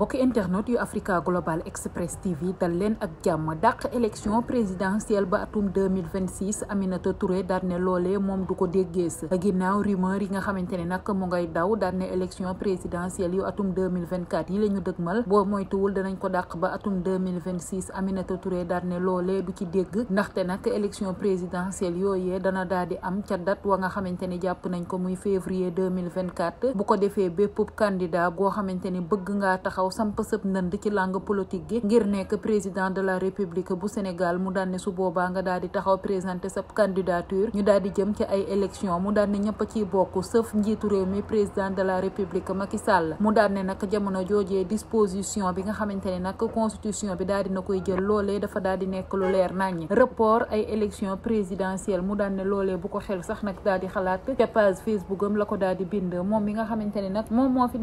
mbokki internet yu Africa Global Express TV dal leen ak jàmm dàq élection présidentielle ba atum 2026 Aminata Touré daal ne loolee moom du ko déggees ginnaaw rumeur yi nga xamante ne nag mu ngay daw daal ne élection présidentielle yu atum 2024 yi la ñu dëgmal boo moytuwul danañ ko dàq ba atum 2026 Aminata Touré daal ne loolee du ci dégg ndaxte nag élection présidentielle yooyee dana daal di am ca dat wa nga xamante ne jàpp nañ ko muy février 2024 bu ko defee bépp candidat boo xamante ne bëgg ngaa taxaw sam samp sëb nënd ci langue politique gi ngir nek président de la république bu sénégal mu dal ne su boba nga dal di taxaw présenter sa candidature ñu dal di jëm ci ay élection mu dal ne ñepp ci bokku seuf njitu réew mi président de la république Macky Sall mu dal ne nak jamono jojé disposition bi nga xamante nak constitution bi dal di nakoy jël lolé dafa dal di nek lu leer nañ report ay élection présidentielle mu dal ne lolé bu ko xel sax nak pas di xalaat ci page facebook am la ko daal di bind mom mi nga xamante nak mom mo fi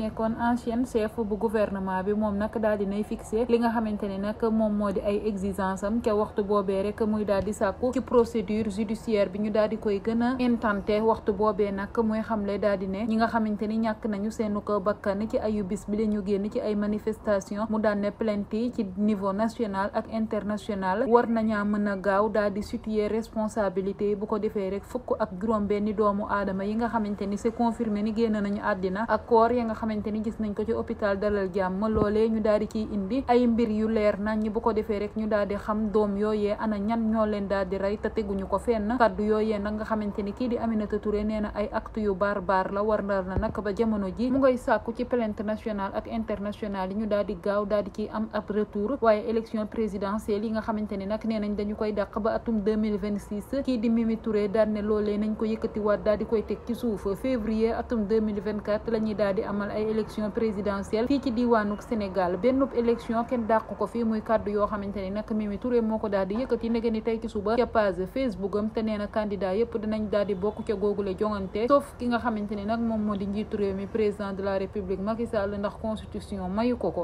ancien chef bu gouvernement gouvernement bi moom nag daal di nay fixé li nga xamante ne moom moo di ay exigence am ca waxtu boobee rek muy daal di sàkku ci procédure judiciaire bi ñu daal di koy gën a intenté waxtu boobee nag muy xamle daal di ne ñi nga xamante ni ñàkk nañu seenu ko bakkan ci bis bi la génn ci ay manifestation mu daan ne plainte yi ci niveau national ak international war na mën a gaaw daal di situer responsabilité yi bu ko defee rek fukk ak juróom benni doomu aadama yi nga xamante ni c'est confirmé ni génn nañu àddina ak koor ya nga xamante ni gis nañ ko ci hôpital dalal jàmm ma loole ñu daal di ciy indi ay mbir yu leer nañ bu ko defee rek ñu daal di xam doom yooyee ana ñan ñoo leen daal di rey te teguñu ko fenn kaddu yooyee nag nga xamante ni kii di Aminata Touré nee na ay acte yu barbar la war na nag ba jamono ji mu ngay sàkku ci plainte nationale ak internationale yi ñu daal di gaaw daal di ciy am ab retour waaye élection présidentielle yi nga xamante ni nag nee nañ dañu koy dàq ba atum 2026 kii di Mimi Touré daal ne loolee nañ ko yëkkatiwaat daal di koy teg ci suuf février atum 2024 la ñuy daal di amal ay élection présidentielle fii ci diwaan diwaanuk Sénégal benn élection kenn dàq ko fi muy kàddu yoo xamante ni nag Mimi Touré moo ko daal di yëkkati ndege ni tey ki suba ca page Facebook am te nee na candidat dinañ daal di bokk ca googule jongante sauf ki nga xamante ni moom moo di njiitu réew mi président de la république Macky Sall ndax constitution mayu ko ko